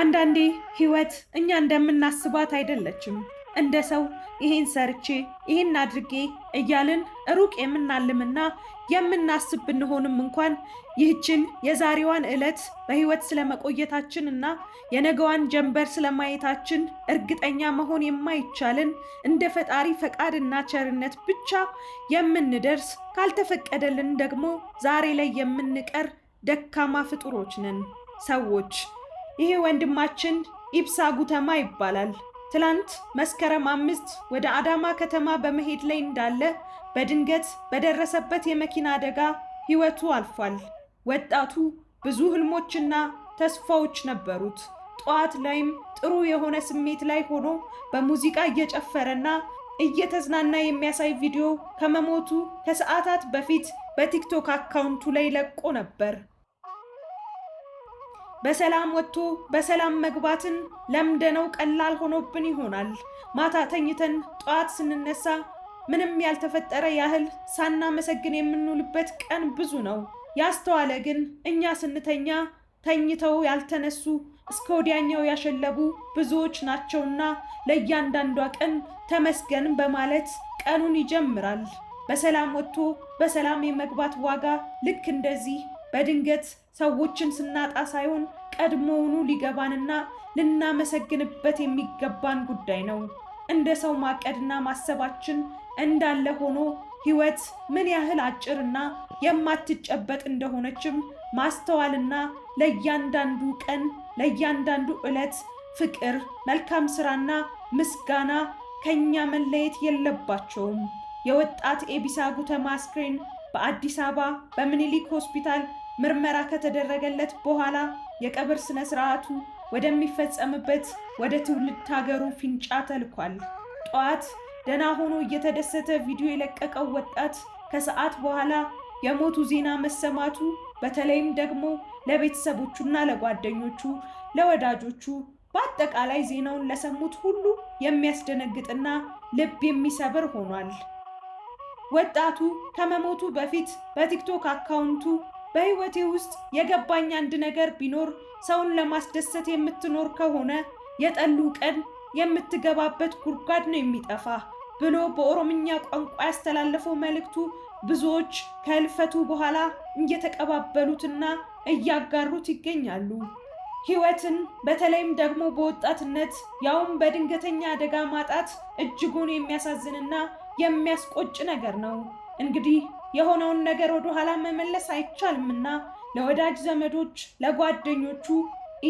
አንዳንዴ ህይወት እኛ እንደምናስባት አይደለችም። እንደ ሰው ይሄን ሰርቼ ይሄን አድርጌ እያልን ሩቅ የምናልምና የምናስብ ብንሆንም እንኳን ይህችን የዛሬዋን ዕለት በህይወት ስለመቆየታችን እና የነገዋን ጀንበር ስለማየታችን እርግጠኛ መሆን የማይቻልን እንደ ፈጣሪ ፈቃድና ቸርነት ብቻ የምንደርስ ካልተፈቀደልን ደግሞ ዛሬ ላይ የምንቀር ደካማ ፍጡሮች ነን ሰዎች ይሄ ወንድማችን ኢብሳ ጉተማ ይባላል። ትላንት መስከረም አምስት ወደ አዳማ ከተማ በመሄድ ላይ እንዳለ በድንገት በደረሰበት የመኪና አደጋ ሕይወቱ አልፏል። ወጣቱ ብዙ ህልሞችና ተስፋዎች ነበሩት። ጠዋት ላይም ጥሩ የሆነ ስሜት ላይ ሆኖ በሙዚቃ እየጨፈረና እየተዝናና የሚያሳይ ቪዲዮ ከመሞቱ ከሰዓታት በፊት በቲክቶክ አካውንቱ ላይ ለቆ ነበር። በሰላም ወጥቶ በሰላም መግባትን ለምደነው ቀላል ሆኖብን ይሆናል። ማታ ተኝተን ጠዋት ስንነሳ ምንም ያልተፈጠረ ያህል ሳናመሰግን የምንውልበት ቀን ብዙ ነው። ያስተዋለ ግን እኛ ስንተኛ ተኝተው ያልተነሱ እስከ ወዲያኛው ያሸለቡ ብዙዎች ናቸውና ለእያንዳንዷ ቀን ተመስገን በማለት ቀኑን ይጀምራል። በሰላም ወጥቶ በሰላም የመግባት ዋጋ ልክ እንደዚህ በድንገት ሰዎችን ስናጣ ሳይሆን ቀድሞውኑ ሊገባንና ልናመሰግንበት የሚገባን ጉዳይ ነው። እንደ ሰው ማቀድና ማሰባችን እንዳለ ሆኖ ሕይወት ምን ያህል አጭርና የማትጨበጥ እንደሆነችም ማስተዋልና ለእያንዳንዱ ቀን ለእያንዳንዱ ዕለት ፍቅር፣ መልካም ስራና ምስጋና ከእኛ መለየት የለባቸውም። የወጣት ኤቢሳ ጉተማ አስክሬን በአዲስ አበባ በምኒልክ ሆስፒታል ምርመራ ከተደረገለት በኋላ የቀብር ስነ ስርዓቱ ወደሚፈጸምበት ወደ ትውልድ ሀገሩ ፊንጫ ተልኳል። ጠዋት ደና ሆኖ እየተደሰተ ቪዲዮ የለቀቀው ወጣት ከሰዓት በኋላ የሞቱ ዜና መሰማቱ በተለይም ደግሞ ለቤተሰቦቹና ለጓደኞቹ፣ ለወዳጆቹ በአጠቃላይ ዜናውን ለሰሙት ሁሉ የሚያስደነግጥና ልብ የሚሰብር ሆኗል። ወጣቱ ከመሞቱ በፊት በቲክቶክ አካውንቱ በህይወቴ ውስጥ የገባኝ አንድ ነገር ቢኖር ሰውን ለማስደሰት የምትኖር ከሆነ የጠሉ ቀን የምትገባበት ጉድጓድ ነው የሚጠፋ ብሎ በኦሮምኛ ቋንቋ ያስተላለፈው መልእክቱ ብዙዎች ከህልፈቱ በኋላ እየተቀባበሉትና እያጋሩት ይገኛሉ። ህይወትን በተለይም ደግሞ በወጣትነት ያውም በድንገተኛ አደጋ ማጣት እጅጉን የሚያሳዝንና የሚያስቆጭ ነገር ነው። እንግዲህ የሆነውን ነገር ወደ ኋላ መመለስ አይቻልምና ለወዳጅ ዘመዶች፣ ለጓደኞቹ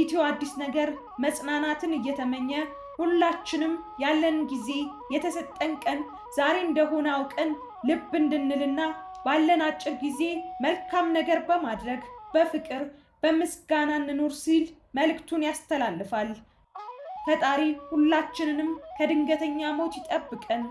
ኢትዮ አዲስ ነገር መጽናናትን እየተመኘ ሁላችንም ያለን ጊዜ የተሰጠን ቀን ዛሬ እንደሆነ አውቀን ልብ እንድንልና ባለን አጭር ጊዜ መልካም ነገር በማድረግ በፍቅር በምስጋና እንኑር ሲል መልእክቱን ያስተላልፋል። ፈጣሪ ሁላችንንም ከድንገተኛ ሞት ይጠብቀን።